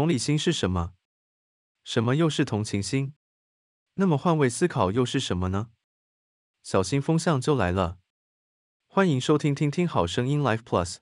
同理心是什麼？什麼又是同情心？那麼換位思考又是什麼呢？小心風向就來了。歡迎收聽聽聽好聲音 Life Plus。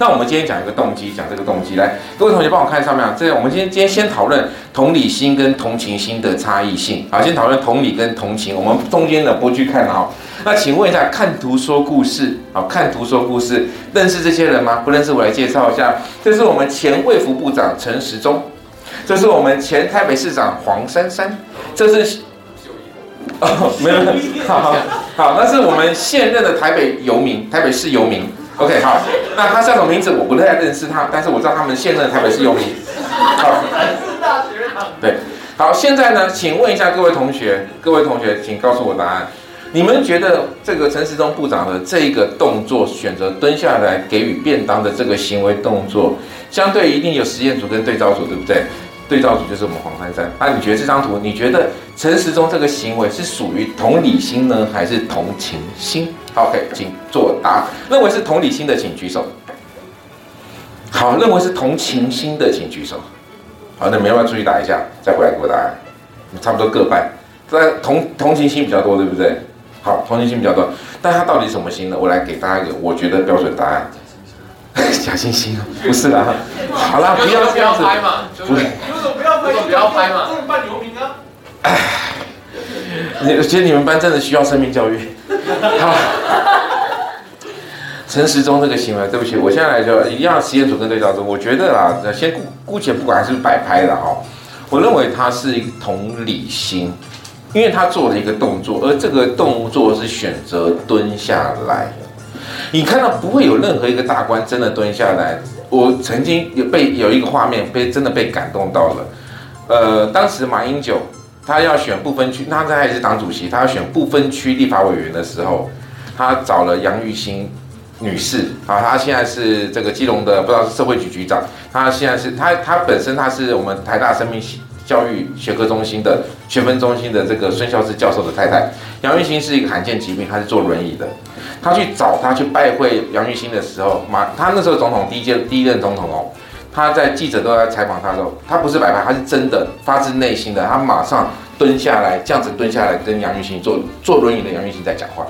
那我們今天講一個動機，講這個動機來，各位同學幫我看上面，沒有？我們今天今天先討論同理心跟同情心的差異性，好，先討論同理跟同情。我們中間的不去看好，哈。那請問一下，看圖說故事，好，看圖說故事，認識這些人嗎？不認識，我來介紹一下，這是我們前衛福部長陳時中，這是我們前台北市長黃珊珊，這是秀一，哦，沒有，好好，好，好，那是我們現任的台北遊民，台北市遊民。OK，好，那他叫什麼名字？我不太認識他，但是我知道他們現任台北市議員，好， 對，好，現在呢，請問一下各位同學，各位同學，請告訴我答案。你們覺得這個陳時中部長的這個動作，選擇蹲下來給予便當的這個行為動作，相對一定有實驗組跟對照組，對不對？對照組就是我們黃珊珊。那、啊、你覺得這張圖？你覺得陳時中這個行為是屬於同理心呢，還是同情心、嗯、好？OK，請作答。認為是同理心的，請舉手。好，認為是同情心的，請舉手。好，那你們要不要出去，出去打一下，再回來給我答案。差不多各半，但同同情心比較多，對不對？好，同情心比較多，但他到底是什麼心呢？我來給大家一個我覺得標準答案。假惺惺不是啦、啊，好了，不要這樣拍嘛，不不要拍？不要拍嘛、啊，這辦留名哎，你，我覺得你們班真的需要生命教育。好，陳 時中這個行為，對不起，我現在來說，一樣要實驗組跟對照組。我覺得啊，先姑姑且不管還是是擺拍的哈、哦，我認為他是一個同理心，因為他做了一個動作，而這個動作是選擇蹲下來。你看到不會有任何一個大官真的蹲下來。我曾經有被有一個畫面被真的被感動到了。呃，當時馬英九他要選不分區，他在還是黨主席，他要選不分區立法委員的時候，他找了楊玉欣女士。啊，她現在是這個基隆的，不知道是社會局局長。她現在是她她本身她是我們台大生命教育學科中心的學分中心的這個孫效智教授的太太。楊玉欣是一個罕見疾病，她是坐輪椅的。他去找他，他去拜會楊玉欣的時候，馬他那時候總統第一任第一任總統哦，他在記者都在採訪他的時候，他不是擺拍，他是真的發自內心的，他馬上蹲下來，這樣子蹲下來跟楊玉欣坐坐輪椅的楊玉欣在講話，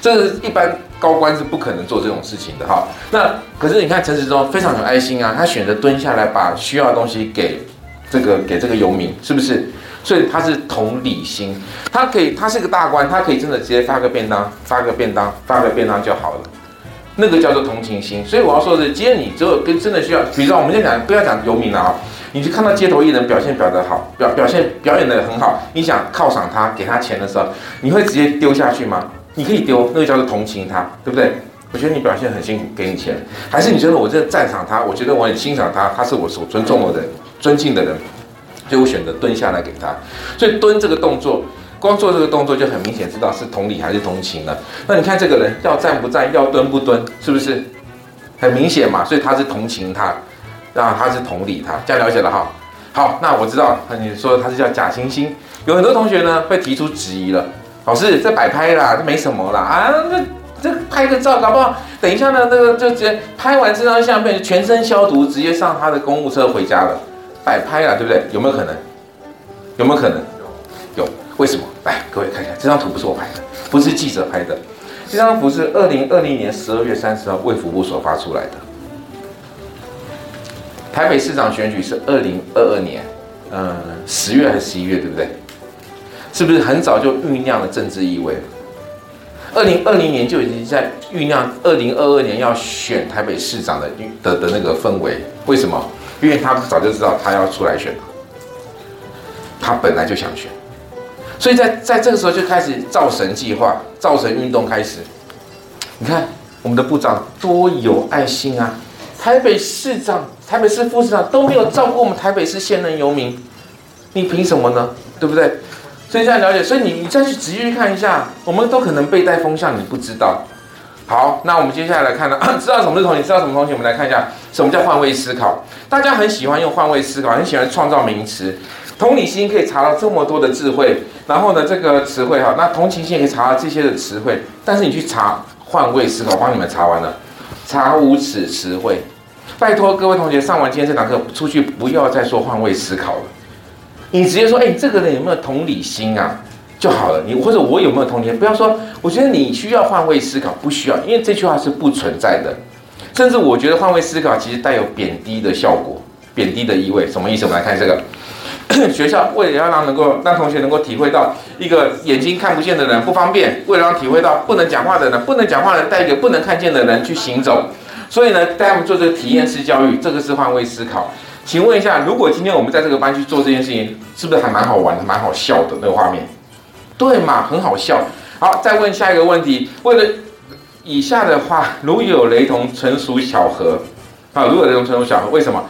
這是一般高官是不可能做這種事情的哈、哦。那可是你看陳時中非常有愛心啊，他選擇蹲下來把需要的東西給這個給這個游民，是不是？所以他是同理心，他可以，他是一個大官，他可以真的直接發個便當，發個便當，發個便當就好了，那個叫做同情心。所以我要說的是，接你之後跟真的需要，比如說我們現在講不要講游民了啊、哦，你就看到街頭藝人表現表得好，表表現表演的很好，你想犒賞他，給他錢的時候，你會直接丟下去嗎？你可以丟，那個叫做同情他，對不對？我覺得你表現很辛苦，給你錢，還是你覺得我真的讚賞他，我覺得我很欣賞他，他是我所尊重的人，尊敬的人。所以我選擇蹲下來給他，所以蹲這個動作，光做這個動作就很明顯知道是同理還是同情了。那你看這個人要站不站，要蹲不蹲，是不是很明顯嘛？所以他是同情他，啊，然後他是同理他，這樣了解了哈。好，好，那我知道你說他是叫假惺惺，有很多同學呢會提出質疑了，老師這擺拍啦，這沒什麼啦啊，這這拍個照，搞不好等一下呢，那個就直接拍完這張相片，全身消毒，直接上他的公務車回家了。擺拍了啊，對不對？有沒有可能？有沒有可能？有。為什麼？來，各位看一下這張圖，不是我拍的，不是記者拍的。這張圖是二零二零年十二月三十號，衛福部所發出來的。台北市長選舉是二零二二年，嗯，十月還是十一月，對不對？是不是很早就醞釀了政治意味？二零二零年就已經在醞釀二零二二年要選台北市長的的的那個氛圍？為什麼？因為他早就知道他要出來選，他本來就想選，所以在在這個時候就開始造神計劃，造神運動開始。你看我們的部長多有愛心啊！台北市長、台北市副市長都沒有照顧我們台北市先人游民，你憑什麼呢？對不對？所以這樣了解，所以你你再去仔細去看一下，我們都可能被帶風向，你不知道。好，那我們接下來看了，知道什麼是同理，知道什麼東西？我們來看一下什麼叫換位思考。大家很喜歡用換位思考，很喜歡創造名詞，同理心可以查到這麼多的智慧。然後呢，這個詞彙哈，那同情心也可以查到這些的詞彙。但是你去查換位思考，我幫你們查完了，查無此詞彙。拜託各位同學，上完今天這堂課，出去不要再說換位思考了。你直接說，哎，這個人有沒有同理心啊？就好了，你或者我有沒有童年？不要說，我覺得你需要換位思考，不需要，因為這句話是不存在的。甚至我覺得換位思考其實帶有貶低的效果，貶低的意味什麼意思？我們來看這個 學校，為了要讓能夠讓同學能夠體會到一個眼睛看不見的人不方便，為了讓體會到不能講話的人，不能講話的人帶一個不能看見的人去行走，所以呢，帶我們做這個體驗式教育，這個是換位思考。請問一下，如果今天我們在這個班去做這件事情，是不是還蠻好玩的，蠻好笑的那個畫面？對嘛，很好笑。好，再問下一個問題。為了以下的話，如有雷同，純屬巧合。啊，如有雷同，純屬巧合。為什麼？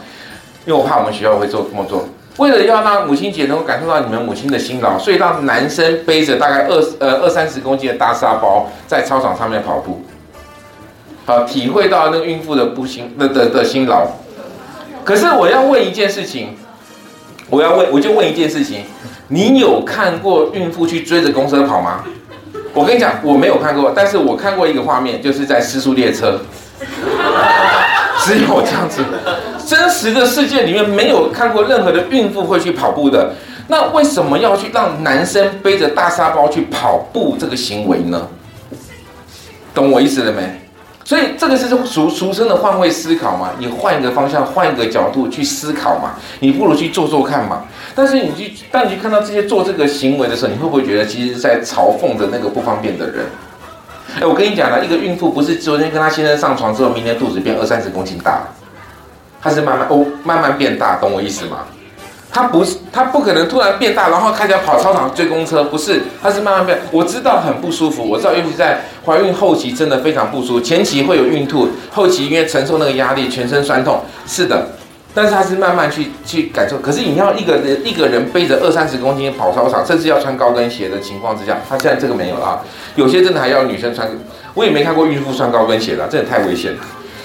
因為我怕我們學校會做這麼做。為了要讓母親節能夠感受到你們母親的辛勞，所以讓男生背着大概二呃二三十公斤的大沙包在操場上面跑步，好體會到那個孕婦的不辛的的的辛勞。可是我要問一件事情。我要問，我就問一件事情：你有看過孕婦去追着公車跑嗎？我跟你講，我沒有看過，但是我看過一個畫面，就是在屍速列車， 只有這樣子，真實的世界裡面沒有看過任何的孕婦會去跑步的。那為什麼要去讓男生背着大沙包去跑步這個行為呢？懂我意思了沒？所以這個是俗俗稱的換位思考嘛，你換一個方向，換一個角度去思考嘛，你不如去做做看嘛。但是你去，當你去看到這些做這個行為的時候，你會不會覺得其實是在嘲諷的那個不方便的人？哎、欸，我跟你講啦，一個孕婦不是昨天跟她先生上床之後，明天肚子變二三十公斤大，她是慢慢哦慢慢變大，懂我意思嗎？他不是，他不可能突然變大，然後開始跑操場追公車。不是，他是慢慢變。我知道很不舒服，我知道，尤其在懷孕後期真的非常不舒服，前期會有孕吐，後期因為承受那個壓力，全身酸痛。是的，但是他是慢慢去去感受。可是你要一個人一個人背着二三十公斤跑操場，甚至要穿高跟鞋的情況之下，他現在這個沒有了啊。有些真的還要女生穿，我也沒看過孕婦穿高跟鞋啦，真的，這太危險了。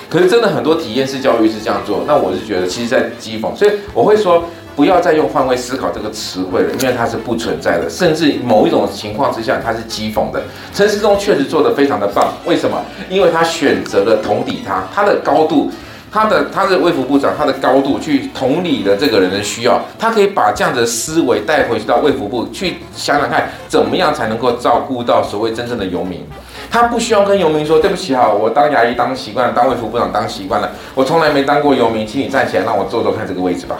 可是真的很多體驗式教育是這樣做，那我是覺得其實在譏諷，所以我會說。不要再用換位思考這個詞彙了，因為它是不存在的。甚至某一種情況之下，它是譏諷的。陳時中確實做得非常的棒，為什麼？因為他選擇了同理他，他的高度，他的他是衛福部長，他的高度去同理了這個人的需要，他可以把這樣的思維帶回去到衛福部去想想看，怎麼樣才能夠照顧到所謂真正的游民。他不需要跟游民說對不起哈，我當牙醫當習慣了，當衛福部長當習慣了，我從來沒當過游民，請你站起來讓我坐坐看這個位置吧。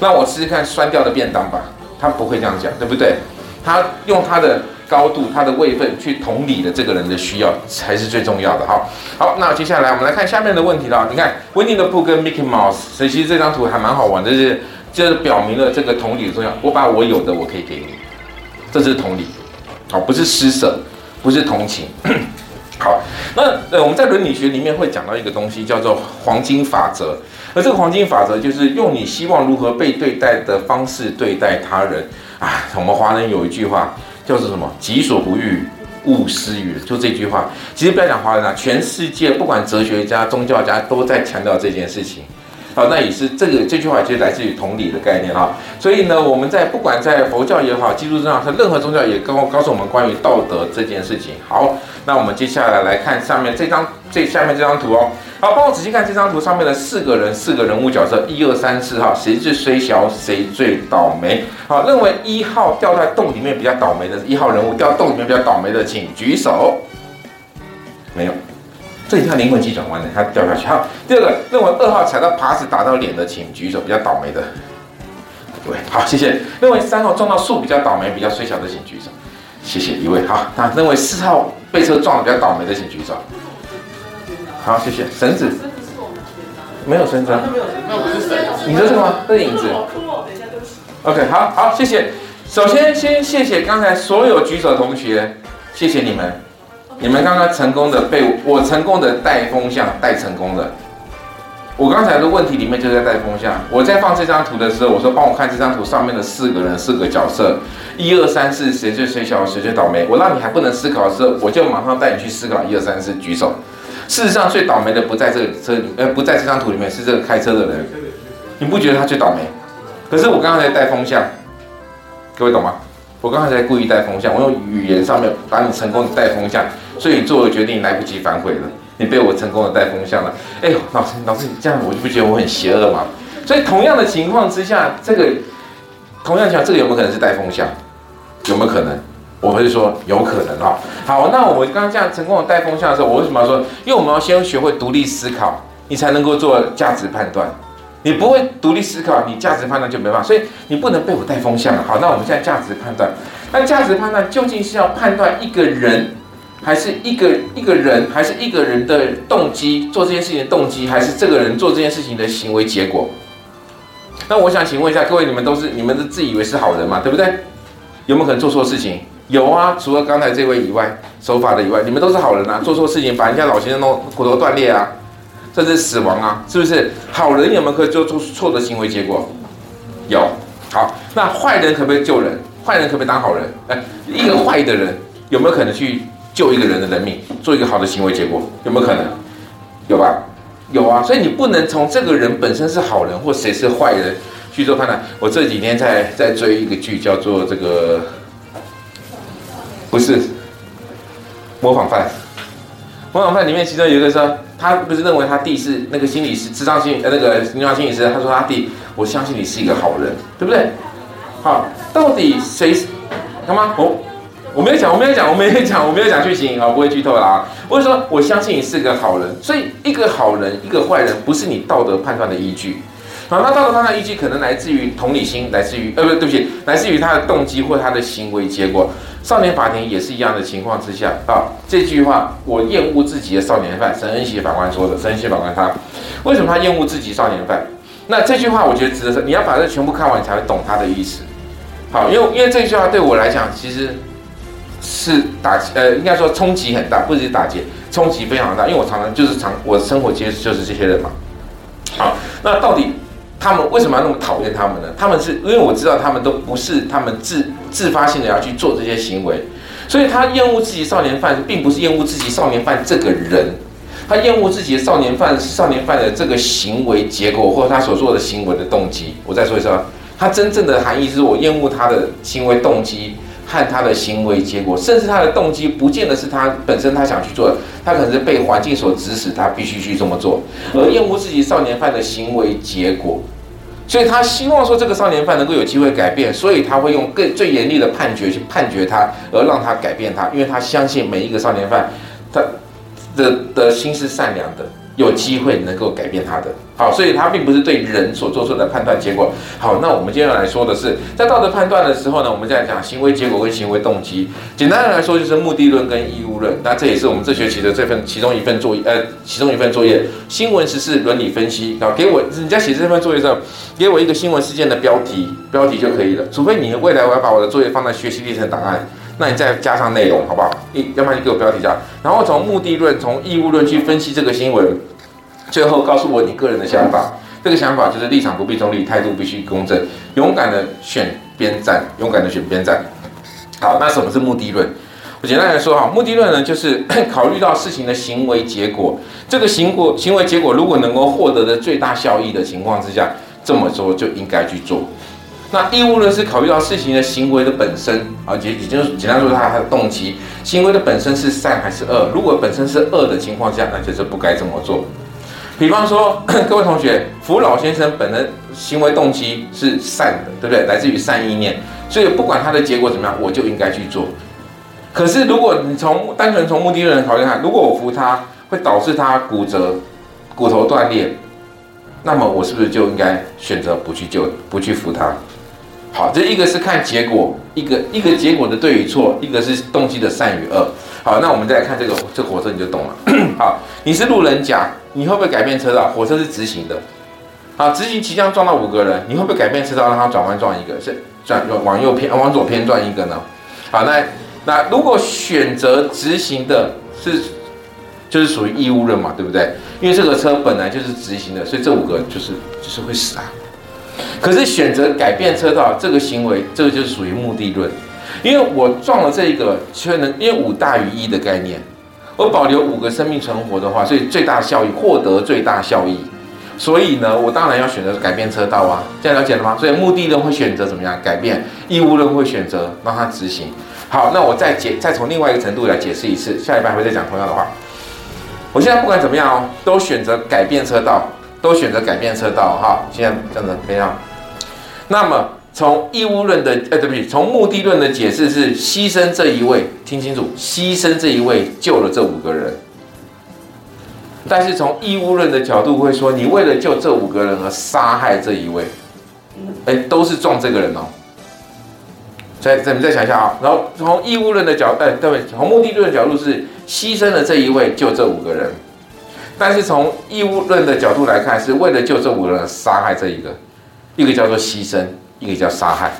那我試試看酸掉的便當吧，他不會這樣講，對不對？他用他的高度、他的位分去同理了，這個人的需要，才是最重要的。好，好，那接下來我們來看下面的問題了。你看，Winnie the Pooh 跟 Mickey Mouse，其實這張圖還蠻好玩的，就是，就是表明了這個同理的重要。我把我有的，我可以給你，這是同理，好，不是施捨，不是同情。 好，那呃，我們在倫理學裡面會講到一個東西，叫做黃金法則。那這個黃金法則就是用你希望如何被對待的方式對待他人。啊，我們華人有一句話，叫做什麼“己所不欲，勿施於人”，就這句話。其實不要講華人啊，全世界不管哲學家、宗教家都在強調這件事情。好，那也是這個這句話其實來自於同理的概念啊。所以呢，我們在不管在佛教也好、基督教也好，任何宗教也跟我告訴我們關於道德這件事情。好，那我們接下來來看下面這張這下面這張圖哦。好，幫我仔細看這張圖上面的四個人，四個人物角色，一二三四號，誰最衰小，誰最倒霉？好，認為一號掉在洞裡面比較倒霉的，一號人物掉洞裡面比較倒霉的，請舉手。沒有，這一下靈魂急轉彎了，他掉下去。好，第二個，認為二號踩到耙子打到臉的，請舉手，比較倒霉的，一位。好，謝謝。認為三號撞到樹比較倒霉，比較衰小的，請舉手。謝謝一位。好，那認為四號被車撞的比較倒霉的，請舉手。好，謝謝。繩子，繩子是我們這邊沒有繩子、啊，沒有是影子。你說這個嗎？這是影子。我哭、哦、OK，好，好，謝謝。首先，先謝謝剛才所有舉手的同學，謝謝你們，okay. 你們剛剛成功的被我成功的帶風向帶成功了。我剛才的問題裡面就是在帶風向。我在放這張圖的時候，我說，幫我看這張圖上面的四個人，四個角色，一二三四，誰最誰小，誰最倒霉。我讓你還不能思考的時候，我就馬上帶你去思考一二三四，舉手。事實上，最倒霉的不在這個車裡，呃，不在這張圖裡面，是這個開車的人。你不覺得他最倒霉？可是我剛剛在帶風向，各位懂嗎？我剛才在故意帶風向，我用語言上面把你成功的帶風向，所以你做了決定，你來不及反悔了，你被我成功的帶風向了。哎呦，老師，老師你這樣我就不覺得我很邪惡嗎？所以同樣的情況之下，這個同樣的情況，這個有沒有可能是帶風向？有沒有可能？我會說有可能啊、哦。好，那我們剛剛這樣成功帶風向的時候，我為什麼要說？因為我們要先學會獨立思考，你才能夠做價值判斷。你不會獨立思考，你價值判斷就沒辦法。所以你不能被我帶風向了。好，那我們現在價值判斷，那價值判斷究竟是要判斷一個人，還是一個一個人，還是一個人的動機，做這件事情的動機，還是這個人做這件事情的行為結果？那我想請問一下各位，你們都是你們都自以為是好人嘛？對不對？有沒有可能做錯事情？有啊，除了剛才這位以外，守法的以外，你們都是好人啊！做錯事情，把人家老先生弄骨頭斷裂啊，甚至死亡啊，是不是？好人有沒有可以做出錯的行為結果？有。好，那壞人可不可以救人？壞人可不可以當好人？誒、呃，一個壞的人有沒有可能去救一個人的人命，做一個好的行為結果？有沒有可能？有吧？有啊。所以你不能從這個人本身是好人或誰是壞人去做判斷。我這幾天在在追一個劇，叫做這個。是模仿犯，模仿犯裡面其中有一個說，他不是認為他弟是那個心理師，諮商心理，呃那個臨床心理師，他說他弟，我相信你是一個好人，對不對？好，到底誰？是他嗎？我我沒有講，我沒有講，我沒有講，我沒有講劇情、哦、啊，不會劇透啦。我是說，我相信你是一個好人，所以一個好人，一個壞人，不是你道德判斷的依據。好，那道德判斷依據可能來自於同理心，來自於呃、欸，不對不起，來自於他的動機或他的行為結果。少年法庭也是一樣的情況之下啊，這句話，我厭惡自己的少年犯，沈恩喜法官說的。沈恩喜法官他為什麼他厭惡自己少年犯？那這句話我覺得值得說，你要把這全部看完，才會懂他的意思。好，因為因為這句話對我來講其實是打擊呃，應該說衝擊很大，不只是打擊，衝擊非常大。因為我常常就是常我的生活其實就是這些人嘛。好，那到底？他們為什麼要那麼討厭他們呢？他們是因為我知道他們都不是他們自自發性的要去做這些行為，所以他厭惡自己少年犯，並不是厭惡自己少年犯這個人，他厭惡自己的少年犯是少年犯的這個行為結果，或者他所做的行為的動機。我再說一次啊，他真正的含義是我厭惡他的行為動機。和他的行為結果，甚至他的動機，不見得是他本身他想去做的，他可能是被環境所指使，他必須去這麼做。而厭惡自己少年犯的行為結果，所以他希望說這個少年犯能夠有機會改變，所以他會用更最嚴厲的判決去判決他，而讓他改變他，因為他相信每一個少年犯，他的，的的心是善良的。有機會能夠改變他的好，所以他並不是對人所做出的判斷結果好。那我們今天來說的是，在道德判斷的時候呢，我們在講行為結果跟行為動機。簡單的來說就是目的論跟義務論。那這也是我們這學期的這份其中一份作業，呃，其中一份作業新聞時事倫理分析。然後給我你在寫這份作業的時候，給我一個新聞事件的標題，標題就可以了。除非你未來我要把我的作業放在學習歷程檔案，那你再加上內容，好不好？咦，要不然你給我標題一下，然後從目的論、從義務論去分析這個新聞，最後告訴我你個人的想法。這個想法就是立場不必中立，態度必須公正，勇敢的選邊站，勇敢的選邊站。好，那什麼是目的論？我簡單來說哈，目的論呢，就是考慮到事情的行為結果，這個行果，行為結果如果能夠獲得的最大效益的情況之下，這麼做就應該去做。那義務論是考慮到事情的行為的本身啊，而且也就是簡單說，它它的動機，行為的本身是善還是惡？如果本身是惡的情況下，那就是不該這麼做。比方說，各位同學，扶老先生本人行為動機是善的，對不對？來自於善意念，所以不管他的結果怎麼樣，我就應該去做。可是如果你從單純從目的論來考慮，看如果我扶他會導致他骨折、骨頭斷裂，那麼我是不是就應該選擇不去救、不去扶他？好，這一個是看結果，一個一個結果的對與錯，一個是動機的善與惡。好，那我們再來看這個這個、火車，你就懂了。 好，你是路人甲，你會不會改變車道？火車是直行的，好，直行即將撞到五個人，你會不會改變車道，讓他轉彎撞一個？是轉往右偏，往左偏撞一個呢？好，那那如果選擇直行的是，就是屬於義務人嘛，對不對？因為這個車本來就是直行的，所以這五個就是就是會死啊。可是選擇改變車道這個行為，這個就是屬於目的論，因為我撞了這一個，卻能因為五大於一的概念，我保留五個生命存活的話，所以最大效益獲得最大效益，所以呢，我當然要選擇改變車道啊，這樣了解了嗎？所以目的論會選擇怎麼樣改變，義務論會選擇讓它執行。好，那我再解再從另外一個程度來解釋一次，下禮拜還會再講同樣的話。我現在不管怎麼樣哦，都選擇改變車道。都選擇改變車道，哈，現在這樣子非常。那麼，從義務論的，哎、欸，對不起，從目的論的解釋是犧牲這一位，聽清楚，犧牲這一位救了這五個人。但是從義務論的角度會說，你為了救這五個人而殺害這一位，哎、欸，都是撞這個人哦、喔。所以，你再想一下啊、喔。然後，從義務論的角度，哎、欸，對不起，從目的論的角度是犧牲了這一位救這五個人。但是從義務論的角度來看，是為了救這五個人，殺害這一個，一個叫做犧牲，一個叫殺害。